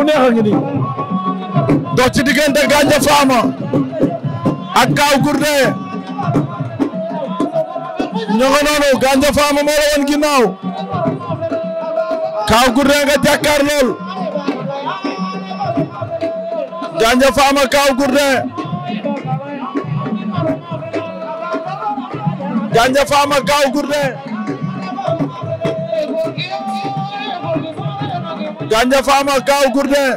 ku neex a ngi nii. dox ci diggante Gandia Fama ak Kaw Gourdin ñoo noonu Gandia Fama moo la woon ginnaaw Kaw Gourdin nga jàkkaar lool Gandia Fama Kaw Gourdin Gandia Fama Kaw Gourdin Gandia Fama Kaw Gourdin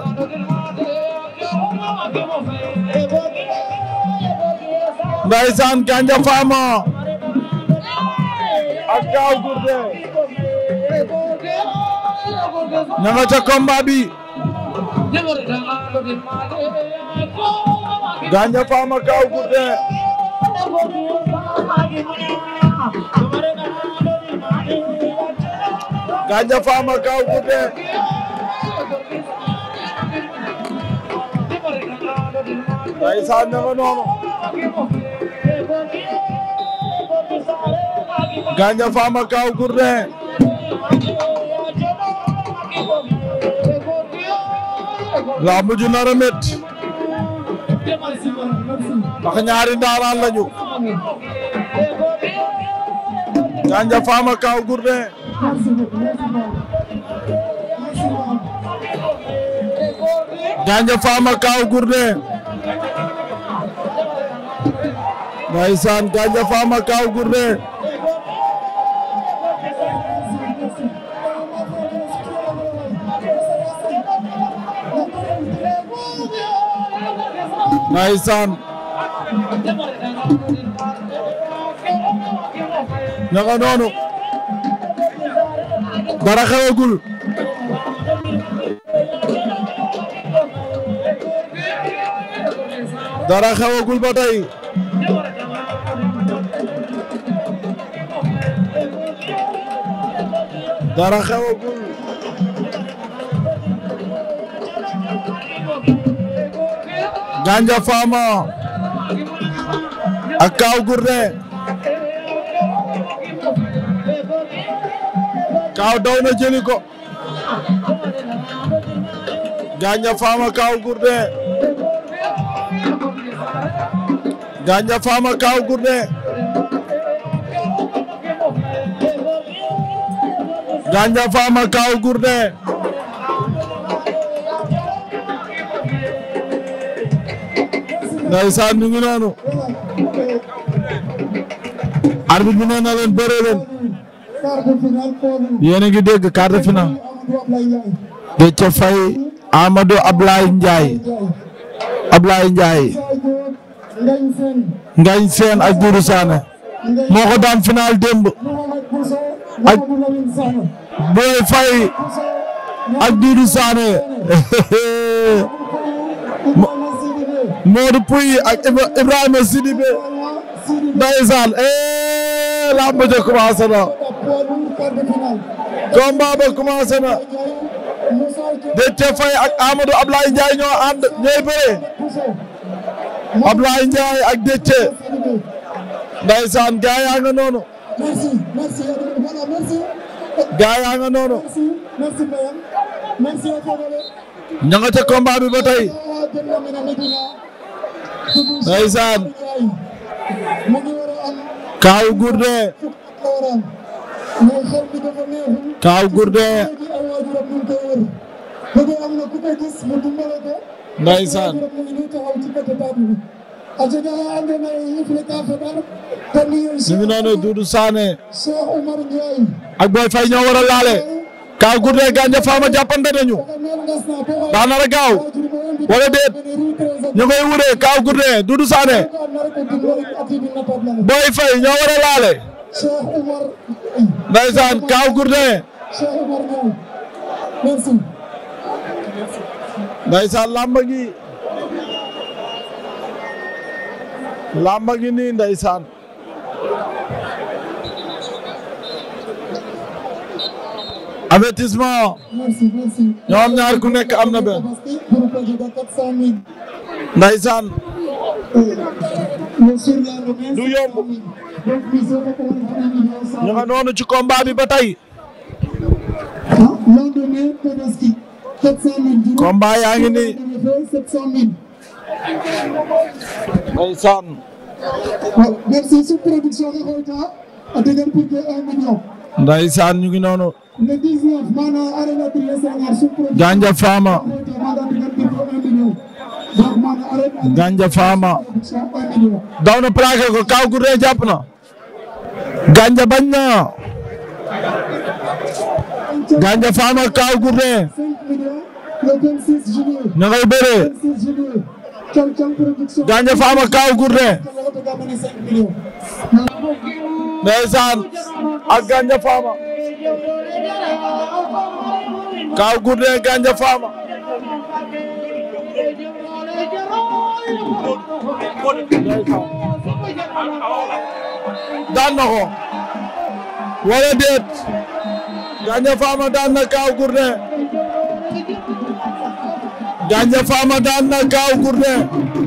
ndaysaan Gandia Fama ak Kaw Gourdin ña nga ca combat bi Gandia Fama Kaw ndeysaan na nga noonu Gandia Fama Kaw Gourdin lamb ju nar ñaari ndaaraan lañu Gandia Gandia Fama Kaw Gourdin ndeysaan Gandia Fama Kaw Gourdin ndeysaan ña nga noonu dara xewagul dara xewagul ba tey dara xewagul Gandia Fama ak Kaw Gourdin Kaw daw na jëli ko Gandia Kaw Gourdin Gandia Fama Kaw Gourdin Gandia Fama Kaw Gourdin ndeysaan ñu ngi noonu arbitre bi nee na leen bëre leen yéen a ngi dégg quart de finale Déthié Faye Amadou Ablaye Ndiaye Ablaye Ndiaye Ngañ Seen ak Doudou Sané moo ko daan final démb ak Boy Faye ak Doudou Sané Modou Pouy ak Ibrahima Sidibé ndeysaan eh lamb ja commencé na combat ba commencé na Déthié Faye ak Amadou Ablaye Ndiaye ñooy bëre Ablaye Ndiaye ak Déthié ndaysaan gaa yaa nga noonu gaa yaa nga noonu ña nga ca combat bi ba tey ndaysaan kaaw gurde ndeysaan ñu ngi noonu Doudou Sané ak Boy Faye ñoo war laale Kaw Gourdin Gandia Fama jàppante nañu daa a gaaw wala déet ñu koy wuree Kaw Gourdin Doudou Sané Boy Faye ñoo war a laale ndeysaan Kaw Gourdin ndeysaan làmb ngi làmb ngi nii ndeysaan avertissement ñoom ñaar ku nekk am na benn ndeysaan du yomb ñu nga ci combat bi ba tey combat yaa ngi nii. ndeysaan. ñu ngi noonu. le 19 maanaam arena bi la Sénégal sous production. na plaqué ko jàpp na. Ganja bañ na. Ganja Fama kaw gu rëy. le 26 juillet. ña ngay bëree. Gandia Fama Kaw Gourdin. ndeysaan ak Gandia Fama. Kaw Gourdin Gandia Fama. daan na ko. wala déet. Gandia Fama daan na Kaw Gourdin. Gandia Fama daan na Gaaw Gourdin